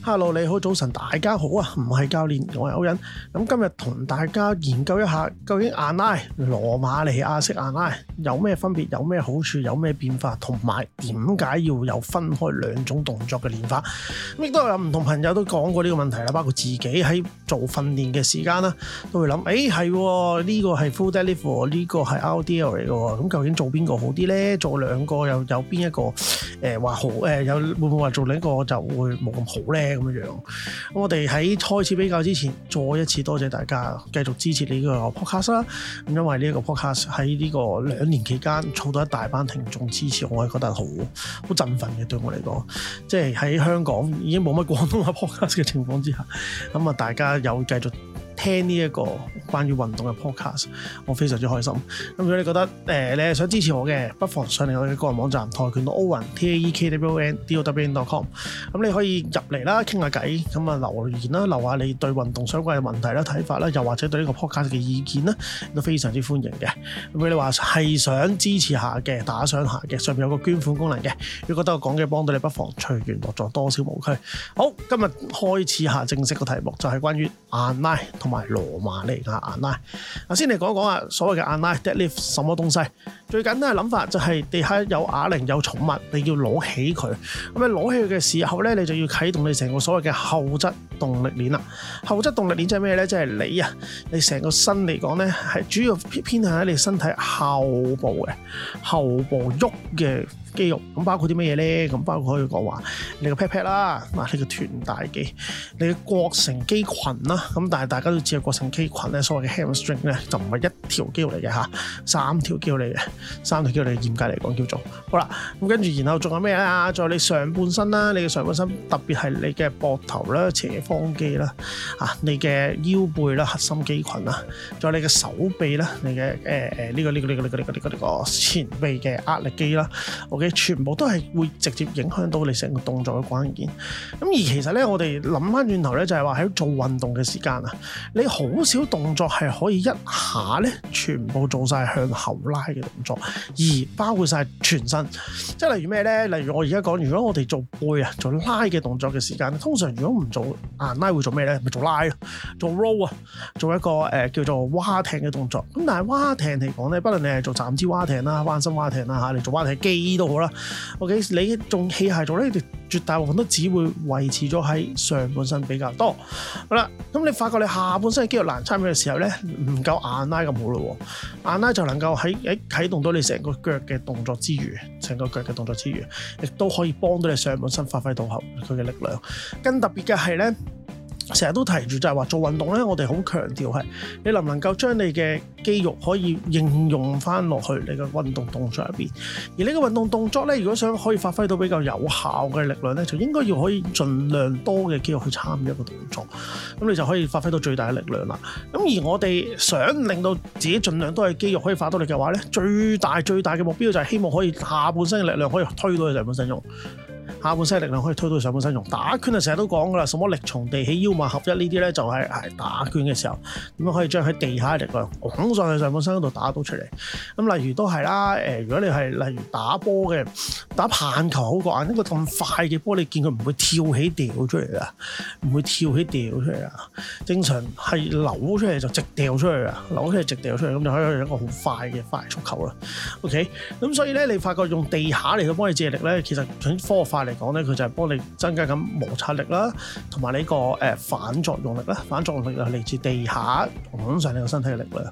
哈嘍，Hello, 你好，早晨，大家好啊！唔係教練，我係歐文。咁今日同大家研究一下，究竟硬拉、羅馬尼亞式硬拉有咩分別，有咩好處，有咩變化，同埋點解要有分開兩種動作嘅練法？亦都有唔同朋友都講過呢個問題啦，包括自己喺做訓練嘅時間啦，都會諗，誒係呢個係 full deadlift, 呢個係 RDL 嚟嘅，咁究竟做邊個好啲呢？做兩個又有邊一個誒話、欸、好？欸、有會唔會話做另一個就會冇咁好呢？咁樣我哋喺開始比較之前，再一次多謝大家繼續支持呢個 podcast 啦。咁因為呢一個 podcast 喺呢個兩年期間，湊到一大班聽眾支持，我係覺得好好振奮嘅。對我嚟講，即係喺香港已經冇乜廣東話 podcast 嘅情況之下，咁啊，大家有繼續聽呢一個關於運動嘅 podcast，我非常之開心。咁如果你覺得誒你係想支持我嘅，不妨上嚟我嘅個人網站跆拳道奧運 TAEKWONDOWEN.COM 咁你可以入嚟啦，傾下偈，咁啊留言啦，留下你對運動相關嘅問題啦、睇法啦，又或者對呢個 podcast 嘅意見啦，都非常之歡迎嘅。如果你話係想支持下嘅、打賞下嘅，上面有個捐款功能嘅。如果覺得我講嘅幫到你，不妨隨緣樂助，多少無拘。好，今日開始下正式嘅題目就係關於硬拉同埋羅馬尼亞硬拉，首先嚟講講啊，所謂嘅硬拉 deadlift，什麼東西？最簡單嘅諗法就係地下有啞鈴，有寵物，你要攞起佢。咁啊，攞起佢嘅時候咧，你就要啟動你成個所謂嘅後側動力鏈啦。後側動力鏈即係咩咧？即係你啊，你成個身嚟講咧，係主要偏向喺你身體後部嘅後部喐嘅。肌肉咁包括啲乜嘢咧？咁包括可以講話你個 pat pat 啦，嗱，你個臀大肌，你嘅國成肌群啦。咁但係大家都知啊，國城肌群咧，所謂嘅 hamstring 咧，就唔係一條肌肉嚟嘅吓，三條肌肉嚟嘅，三條肌肉嚟嚴格嚟講叫做好啦。咁跟住然後仲有咩啊？仲有你上半身啦，你嘅上半身特別係你嘅膊頭啦、斜方肌啦，啊你嘅腰背啦、核心肌群啦，仲有你嘅手臂啦，你嘅誒誒呢個呢、呢個呢、呢個呢、呢個呢、呢個、呢個、前臂嘅壓力肌啦。全部都係會直接影響到你成個動作嘅關鍵。咁而其實咧，我哋諗翻轉頭咧，就係話喺做運動嘅時間啊，你好少動作係可以一下咧，全部做晒向後拉嘅動作，而包括晒全身。即係例如咩咧？例如我而家講，如果我哋做背啊做拉嘅動作嘅時間，通常如果唔做硬拉會做咩咧？咪、就是、做拉咯，做 row 啊，做一個誒、呃、叫做划艇嘅動作。咁但係划艇嚟講咧，不論你係做站姿划艇啦、彎身划艇啦吓，你做划艇機都。好啦，O.K. 你仲器械做呢，你絕大部分都只會維持咗喺上半身比較多。好啦，咁你發覺你下半身嘅肌肉難參與嘅時候呢，唔夠硬拉咁好咯。硬拉就能夠喺喺啟動到你成個腳嘅動作之餘，成個腳嘅動作之餘，亦都可以幫到你上半身發揮到合佢嘅力量。更特別嘅係呢。成日都提住就係話做運動呢，我哋好強調係你能唔能夠將你嘅肌肉可以應用翻落去你嘅運動動作入面。而呢個運動動作呢，如果想可以發揮到比較有效嘅力量呢，就應該要可以盡量多嘅肌肉去參與一個動作，咁你就可以發揮到最大嘅力量啦。咁而我哋想令到自己盡量都係肌肉可以發到力嘅話呢，最大最大嘅目標就係希望可以下半身嘅力量可以推到你上半身用。下半身嘅力量可以推到上半身用，打拳就成日都講噶啦，什麼力從地起，腰馬合一呢啲咧就係係打拳嘅時候點樣可以將喺地下嘅力量拱上去上半身嗰度打到出嚟。咁例如都係啦，誒如果你係例如打波嘅，打棒球好過，呢個咁快嘅波你見佢唔會跳起掉出嚟噶，唔會跳起掉出嚟啊，正常係扭出嚟就直掉出嚟啊，扭出嚟直掉出嚟咁就可以用一個好快嘅快速球啦。OK，咁所以咧你發覺用地下嚟去幫你借力咧，其實科學化嚟講咧，佢就係幫你增加緊摩擦力啦，同埋呢個誒反作用力啦，反作用力又係嚟自地下同上你個身體嘅力量。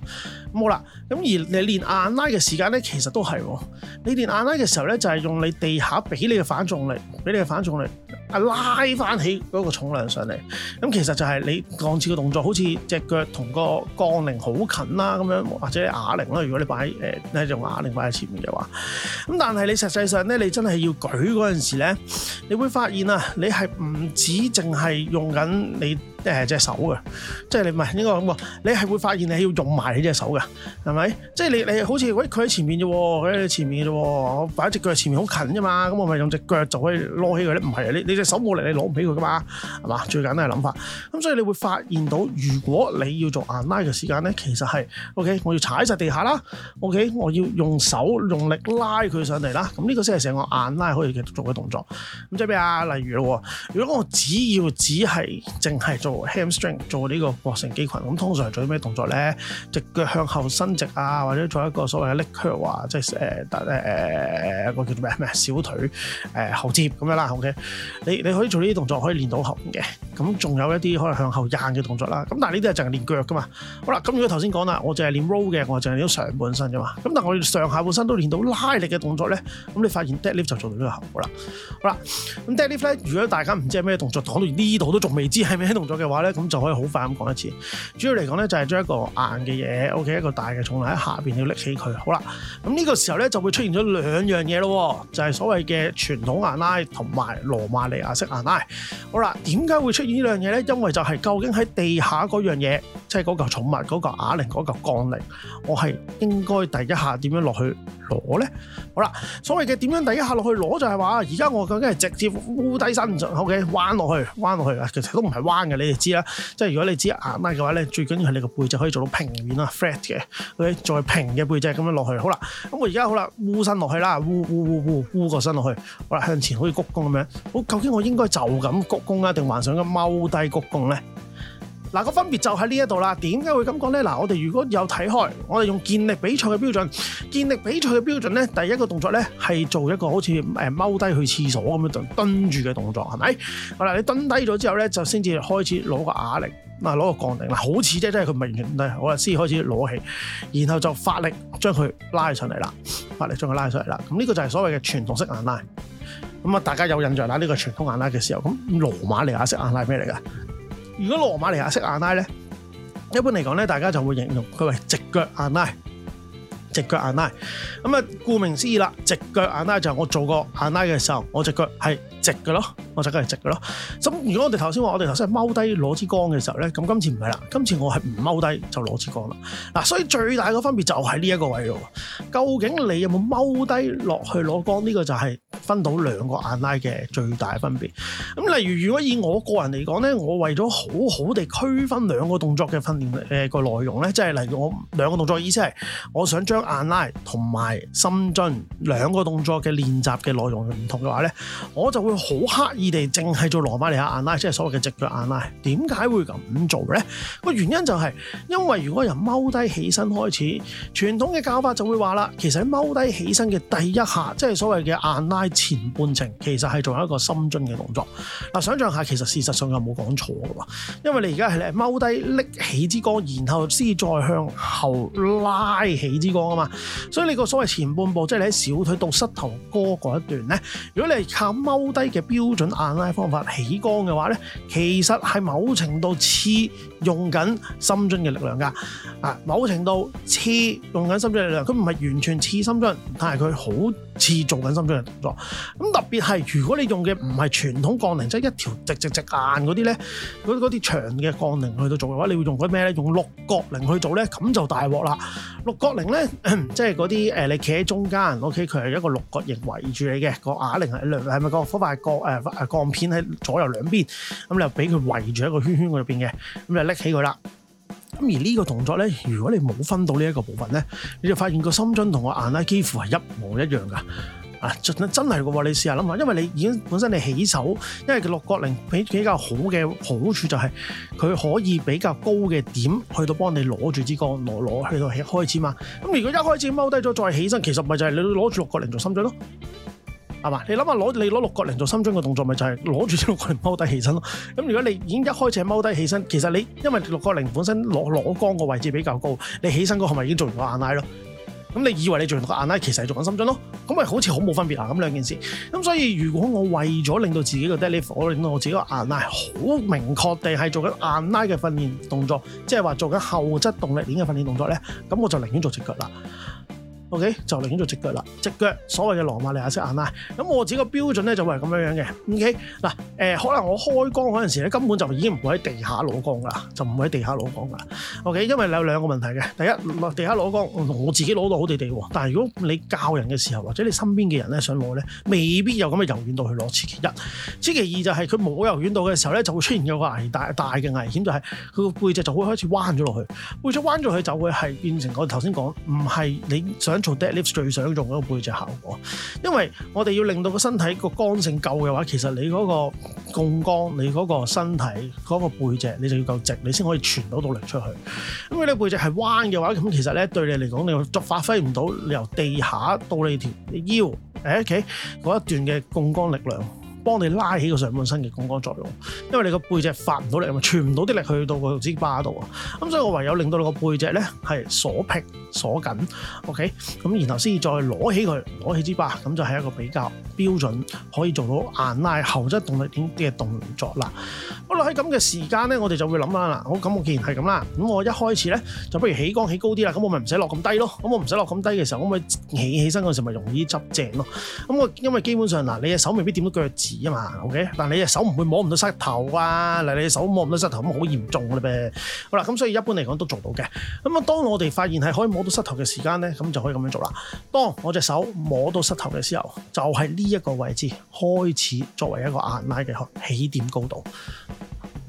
咁好啦，咁而你練硬拉嘅時間咧，其實都係喎。你練硬拉嘅時候咧，就係、是、用你地下俾你嘅反作用力，俾你嘅反作用力。啊！拉翻起嗰個重量上嚟，咁其實就係你當次嘅動作，好似隻腳同個槓鈴好近啦咁樣，或者啞鈴啦。如果你擺喺你、呃、用啞鈴擺喺前面嘅話，咁但係你實際上咧，你真係要舉嗰陣時咧，你會發現啊，你係唔止淨係用緊你。即係隻手嘅，即係你唔係應該咁喎，你係係會發現你要用埋你隻手嘅，係咪？即係你你好似喂佢喺前面啫喎，佢喺你前面嘅啫喎，我擺一隻腳喺前面好近啫嘛，咁我咪用隻腳就可以攞起佢咧？唔係你你隻手冇力，你攞唔起佢噶嘛，係嘛？最簡單嘅諗法，咁所以你會發現到，如果你要做硬拉嘅時間咧，其實係 OK，我要踩實地下啦，OK，我要用手用力拉佢上嚟啦，咁呢個先係成個硬拉可以繼續做嘅動作。咁即係咩啊？例如咯，如果我只要只係淨係做。做 hamstring 做呢個膕繩肌群，咁通常做啲咩動作咧？直腳向後伸直啊，或者做一個所謂嘅 leg curl，即係誒誒誒個叫咩咩小腿誒、呃、後摺咁樣啦。OK，你你可以做呢啲動作可以練到後嘅。咁仲有一啲可以向後硬嘅動作啦。咁但係呢啲係淨係練腳噶嘛。好啦，咁如果頭先講啦，我淨係練 row 嘅，我淨係練到上半身咋嘛。咁但係我上下半身都練到拉力嘅動作咧，咁你發現 deadlift 就做到呢個後嘅啦。好啦，咁 deadlift 咧，如果大家唔知係咩動作，講到呢度都仲未知係咩動作。嘅話咧，咁就可以好快咁講一次。主要嚟講咧，就係將一個硬嘅嘢，OK，一個大嘅重物喺下邊要拎起佢。好啦，咁呢個時候咧就會出現咗兩樣嘢咯，就係所謂嘅傳統硬拉同埋羅馬尼亞式硬拉。好啦，點解會出現呢樣嘢咧？因為就係究竟喺地下嗰樣嘢，即係嗰嚿重物嗰個啞鈴嗰嚿槓鈴，我係應該第一下點樣落去？攞咧，好啦，所謂嘅點樣第一下落去攞就係、是、話，而家我究竟係直接彎低身就 OK，彎落去彎落去啊，其實都唔係彎嘅，你哋知啦。即係如果你知硬拉嘅話咧，最緊要係你個背脊可以做到平面啦 flat 嘅 o、OK？再平嘅背脊咁樣落去好啦。咁我而家好啦，彎身落去啦，彎彎彎彎彎個身落去好啦，向前好似鞠躬咁樣。好，究竟我應該就咁鞠躬啊，定幻想咁踎低鞠躬咧？嗱，個分別就喺呢一度啦。點解會咁講咧？嗱，我哋如果有睇開，我哋用健力比賽嘅標準，健力比賽嘅標準咧，第一個動作咧係做一個好似誒踎低去廁所咁樣就蹲住嘅動作，係咪？好啦，你蹲低咗之後咧，就先至開始攞個啞鈴，嗱，攞個槓鈴啦，好似啫，即係佢明係完我哋先開始攞起，然後就發力將佢拉上嚟啦，發力將佢拉上嚟啦。咁呢個就係所謂嘅傳統式硬拉。咁啊，大家有印象啦，呢個傳統硬拉嘅時候，咁羅馬尼亞式硬拉咩嚟噶？如果羅馬尼亞式硬拉咧，一般嚟講咧，大家就會形容佢為直腳硬拉，直腳硬拉。咁啊，顧名思義啦，直腳硬拉就係我做過硬拉嘅時候，我隻腳係直嘅咯，我就梗係直嘅咯。咁如果我哋頭先話，我哋頭先係踎低攞支桿嘅時候咧，咁今次唔係啦，今次我係唔踎低就攞支桿啦。嗱，所以最大嘅分別就係呢一個位度，究竟你有冇踎低落去攞桿，呢個就係分到兩個硬拉嘅最大分別。咁例如如果以我個人嚟講咧，我為咗好好地區分兩個動作嘅訓練誒個內容咧，即係例如我兩個動作意思係，我想將硬拉同埋深蹲兩個動作嘅練習嘅內容唔同嘅話咧，我就。會好刻意地淨係做羅馬尼亞硬拉，即係所謂嘅直腳硬拉。點解會咁做呢？個原因就係因為如果由踎低起身開始，傳統嘅教法就會話啦，其實喺踎低起身嘅第一下，即係所謂嘅硬拉前半程，其實係做一個深蹲嘅動作。嗱，想象下，其實事實上又冇講錯嘅，因為你而家係踎低拎起支槓，然後先再向後拉起支槓啊嘛，所以你個所謂前半部，即係你喺小腿到膝頭哥嗰一段呢，如果你係靠踎。低嘅標準硬拉方法起桿嘅話咧，其實係某程度似用緊深蹲嘅力量㗎，啊某程度似用緊深蹲力量，佢唔係完全似深蹲，但係佢好次做緊深蹲嘅動作，咁特別係如果你用嘅唔係傳統槓鈴，即係一條直直直硬嗰啲咧，嗰啲長嘅槓鈴去到做嘅話，你會用啲咩咧？用六角鈴去做咧，咁就大鑊啦！六角鈴咧、嗯，即係嗰啲你企喺中間，OK，佢係一個六角形圍住你嘅，個啞鈴係兩係咪個？幅塊個鋼片喺左右兩邊，咁你又俾佢圍住一個圈圈嗰入邊嘅，咁你就拎起佢啦。咁而呢個動作咧，如果你冇分到呢一個部分咧，你就發現個深蹲同個硬拉幾乎係一模一樣㗎。啊，真真係嘅喎，你試下諗下，因為你已經本身你起手，因為個六角鈴比比較好嘅好處就係、是、佢可以比較高嘅點去到幫你攞住支槓攞攞去到起開始嘛。咁如果一開始踎低咗再起身，其實咪就係你攞住六角鈴做深蹲咯。係嘛？你諗下攞你攞六角鈴做深蹲嘅動作，咪就係攞住隻六角鈴踎低起身咯。咁如果你已經一開始踎低起身，其實你因為六角鈴本身攞攞桿個位置比較高，你起身嗰刻咪已經做完個硬拉咯。咁你以為你做完個硬拉，其實係做緊深蹲咯。咁咪好似好冇分別啊！咁兩件事。咁所以如果我為咗令到自己個 deadlift，我令到我自己個硬拉係好明確地係做緊硬拉嘅訓練動作，即係話做緊後側動力鏈嘅訓練動作咧，咁我就寧願做直腳啦。O.K. 就嚟緊做直腳啦，直腳所謂嘅羅馬尼亞式硬拉。咁我自己嘅標準咧就會係咁樣樣嘅。O.K. 嗱、呃、誒，可能我開槓嗰陣時咧根本就已經唔會喺地下攞槓噶啦，就唔會喺地下攞槓噶啦。O.K. 因為你有兩個問題嘅，第一落地下攞槓，我自己攞到好地地喎，但係如果你教人嘅時候或者你身邊嘅人咧想攞咧，未必有咁嘅柔軟度去攞。此其一，此其二就係佢冇柔軟度嘅時候咧，就會出現有個危大大嘅危險，就係、佢、個背脊就會開始彎咗落去，背脊彎咗去就會係變成我頭先講，唔係你想。做 deadlift 最想用嗰個背脊效果，因為我哋要令到個身體個剛性夠嘅話，其實你嗰個槓桿，你嗰個身體嗰個背脊，你就要夠直，你先可以傳到到力出去。咁如果你背脊係彎嘅話，咁其實咧對你嚟講，你作發揮唔到你由地下到你條腰誒，屋企嗰一段嘅槓桿力量。幫你拉起個上半身嘅槓桿作用，因為你個背脊發唔到力，咪傳唔到啲力去到個支巴度啊！咁所以我唯有令到你個背脊咧係鎖劈鎖緊，OK，咁然後先至再攞起佢，攞起支巴，咁就係一個比較標準，可以做到硬拉後側動力點嘅動作啦。好啦，喺咁嘅時間咧，我哋就會諗下啦，好咁我既然係咁啦，咁我一開始咧就不如起桿起高啲啦，咁我咪唔使落咁低咯。咁我唔使落咁低嘅時候，咁我起起身嗰時咪容易執正咯？咁我因為基本上嗱，你隻手未必掂到腳趾。啊嘛，OK，但你隻手唔會摸唔到膝頭啊，嗱，你隻手摸唔到膝頭咁好嚴重嘅、啊、唄。好啦，咁所以一般嚟講都做到嘅。咁啊，當我哋發現係可以摸到膝頭嘅時間呢，咁就可以咁樣做啦。當我隻手摸到膝頭嘅時候，就係呢一個位置開始作為一個硬拉嘅起點高度。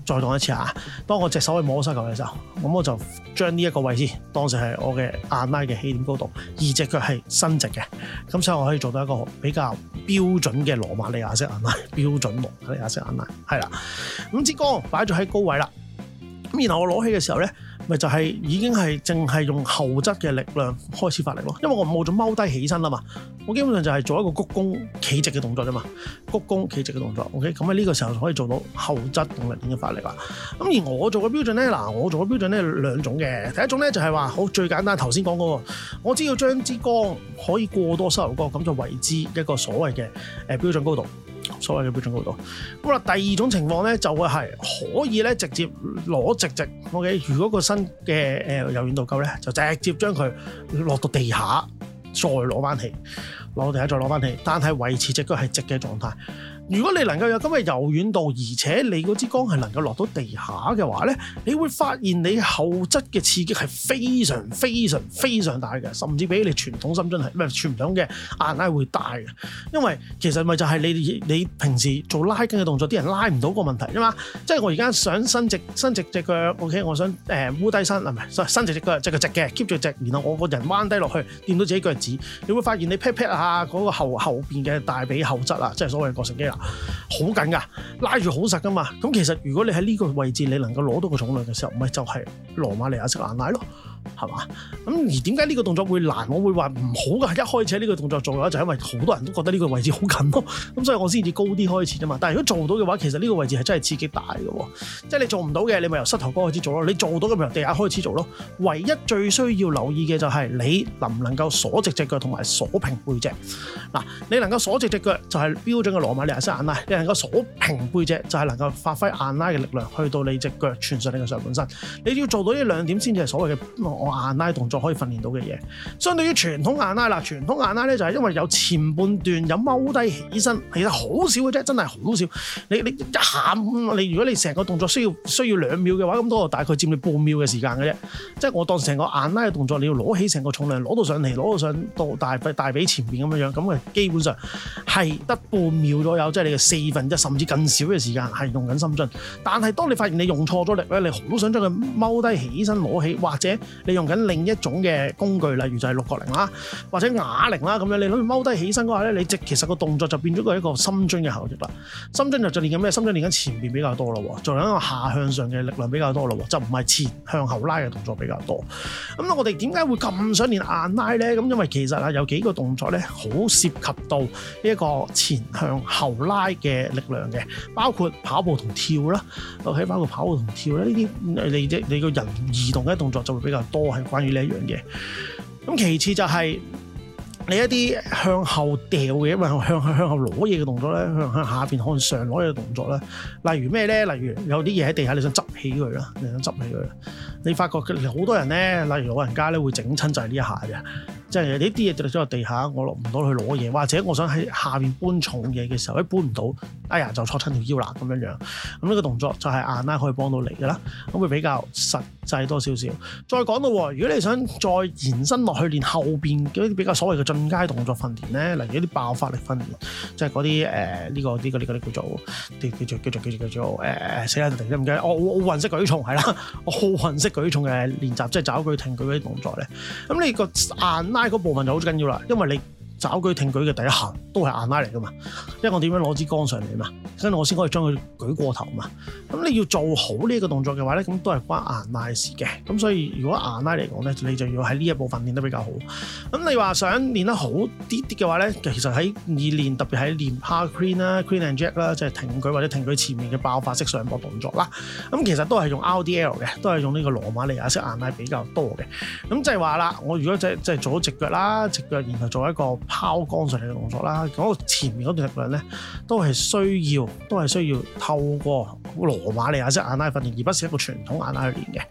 再講一次啊！當我隻手去摸膝頭嘅時候，咁我就將呢一個位置當成係我嘅硬拉嘅起點高度，而隻腳係伸直嘅，咁所以我可以做到一個比較標準嘅羅馬尼亞式硬拉，標準羅馬尼亞式硬拉，係啦，五支槓擺咗喺高位啦。咁然後我攞起嘅時候咧，咪就係、是、已經係淨係用後側嘅力量開始發力咯，因為我冇咗踎低起身啊嘛。我基本上就係做一個鞠躬企直嘅動作啫嘛，鞠躬企直嘅動作，OK，咁喺呢個時候就可以做到後側動力點嘅發力啦。咁而我做嘅標準咧，嗱，我做嘅標準咧兩種嘅，第一種咧就係話好最簡單的，頭先講嗰個，我只要將支桿可以過多收落個，咁就為之一個所謂嘅誒標準高度，所謂嘅標準高度。咁啦，第二種情況咧就會、是、係可以咧直接攞直直，OK，如果個身嘅誒柔軟度夠咧，就直接將佢落到地下。再攞翻起。落地下再攞翻起，但係維持隻腳係直嘅狀態。如果你能夠有咁嘅柔軟度，而且你嗰支桿係能夠落到地下嘅話咧，你會發現你後側嘅刺激係非常非常非常大嘅，甚至比你傳統深蹲係唔係傳統嘅硬拉會大嘅。因為其實咪就係你你平時做拉筋嘅動作，啲人拉唔到個問題啫嘛。即係我而家想伸直伸直隻腳，OK，我想誒彎低身，唔係伸伸直隻腳，隻腳直嘅，keep 住直，然後我個人彎低落去，掂到自己腳趾，你會發現你劈劈啊！啊！嗰，那個後後邊嘅大髀後側啊，即係所謂嘅膕繩肌啊，好緊噶，拉住好實噶嘛。咁其實如果你喺呢個位置，你能夠攞到個重量嘅時候，咪就係羅馬尼亞式硬拉咯。係嘛？咁而點解呢個動作會難？我會話唔好嘅一開始呢個動作做嘅話，就因為好多人都覺得呢個位置好近咯、哦，咁所以我先至高啲開始啫嘛。但係如果做到嘅話，其實呢個位置係真係刺激大嘅喎。即係你做唔到嘅，你咪由膝頭哥開始做咯；你做到嘅咪由地下開始做咯。唯一最需要留意嘅就係你能唔能夠鎖直隻腳同埋鎖平背脊。嗱，你能夠鎖直隻腳就係標準嘅羅馬尼亞式硬拉，你能夠鎖平背脊就係能夠發揮硬拉嘅力量去到你隻腳傳上你嘅上半身。你要做到呢兩點先至係所謂嘅。我硬拉動作可以訓練到嘅嘢，相對於傳統硬拉啦，傳統硬拉咧就係因為有前半段有踎低起身，其實好少嘅啫，真係好少。你你一下，你如果你成個動作需要需要兩秒嘅話，咁都大概佔你半秒嘅時間嘅啫。即係我當成個硬拉嘅動作，你要攞起成個重量，攞到上嚟，攞到上到大髀大髀前邊咁樣樣，咁啊基本上係得半秒左右，即係你嘅四分一甚至更少嘅時間係用緊深盡。但係當你發現你用錯咗力咧，你好想將佢踎低起身攞起，或者你用緊另一種嘅工具，例如就係六角鈴啦，或者啞鈴啦咁樣，你踎低起身嘅話咧，你即其實個動作就變咗個一個深蹲嘅效益啦。深蹲就再練緊咩？深蹲練緊前面比較多咯，喎，仲有一個下向上嘅力量比較多咯，喎，就唔係前向後拉嘅動作比較多。咁我哋點解會咁想練硬拉咧？咁因為其實呀有幾個動作咧，好涉及到呢一個前向後拉嘅力量嘅，包括跑步同跳啦，OK，包括跑步同跳咧呢啲，你你個人移動嘅動作就會比較多。多係關於呢一樣嘢，咁其次就係、是、你一啲向後掉嘅，因為向向向後攞嘢嘅動作咧，向向下邊向上攞嘢嘅動作咧，例如咩咧？例如有啲嘢喺地下，你想執起佢啦，你想執起佢，你發覺好多人咧，例如老人家咧，會整親就係呢一下嘅。即係呢啲嘢跌咗落地下，我落唔到去攞嘢，或者我想喺下面搬重嘢嘅時候，一搬唔到，哎呀就挫親條腰啦咁樣樣。咁、嗯、呢、這個動作就係硬拉可以幫到你嘅啦。咁佢比較實際多少少。再講到，如果你想再延伸落去，練後邊嗰啲比較所謂嘅進階動作訓練咧，例如一啲爆發力訓練，即係嗰啲誒呢個呢、這個呢、這個呢、這個、叫做叫叫叫做叫做叫做誒死人定唔記得？我奧運式舉重係啦，我奧運式舉重嘅練習，即係抓佢挺舉嗰啲動作咧。咁、嗯、你、這個硬拉。嗰部分就好緊要啦，因為你。找佢挺舉嘅第一行都係硬拉嚟㗎嘛，因為我點樣攞支桿上嚟啊嘛，跟住我先可以將佢舉過頭嘛。咁你要做好呢一個動作嘅話咧，咁都係關硬拉嘅事嘅。咁所以如果硬拉嚟講咧，你就要喺呢一部分練得比較好。咁你話想練得好啲啲嘅話咧，其實喺二練特別係練 power clean 啦、clean and jerk 啦，即係挺舉或者挺舉前面嘅爆發式上膊動作啦，咁其實都係用 RDL 嘅，都係用呢個羅馬尼亞式硬拉比較多嘅。咁即係話啦，我如果即係即係做咗直腳啦，直腳然後做一個。拋桿上嚟嘅動作啦，嗰個前面嗰段力量咧，都係需要，都係需要透過羅馬尼亞式硬拉訓練，而不是一個傳統硬拉去練嘅。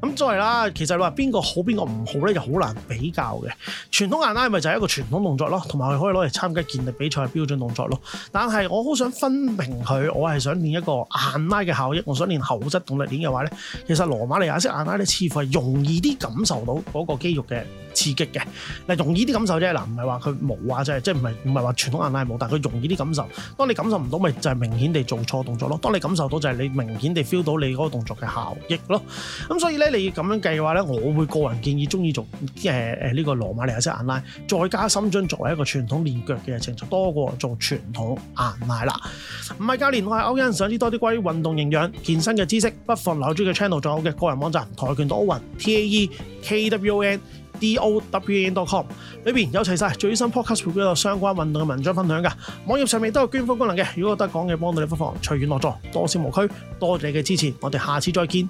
咁再啦，其實你話邊個好，邊個唔好咧，就好難比較嘅。傳統硬拉咪就係一個傳統動作咯，同埋佢可以攞嚟參加健力比賽嘅標準動作咯。但係我好想分明佢，我係想練一個硬拉嘅效益，我想練後側動力鏈嘅話咧，其實羅馬尼亞式硬拉咧，似乎係容易啲感受到嗰個肌肉嘅。刺激嘅，嗱，容易啲感受啫，嗱，唔係話佢無啊，即係即係唔係唔係話傳統硬拉冇，但係佢容易啲感受。當你感受唔到，咪就係、是、明顯地做錯動作咯。當你感受到，就係你明顯地 feel 到你嗰個動作嘅效益咯。咁所以咧，你咁樣計嘅話咧，我會個人建議中意做誒誒呢個羅馬尼亞式硬拉，再加深蹲作為一個傳統練腳嘅程，就多過做傳統硬拉啦。唔係教練，我係歐恩，想知多啲關於運動營養、健身嘅知識，不妨留住嘅 channel，仲有嘅個人網站跆拳道 Owen TAEKWN。台 down.com 裏邊有齊晒最新 podcast 表格，有相關運動嘅文章分享㗎，網頁上面都有捐款功能嘅。如果覺得講嘢幫到你，不妨隨緣樂助，多謝無區，多謝你嘅支持，我哋下次再見。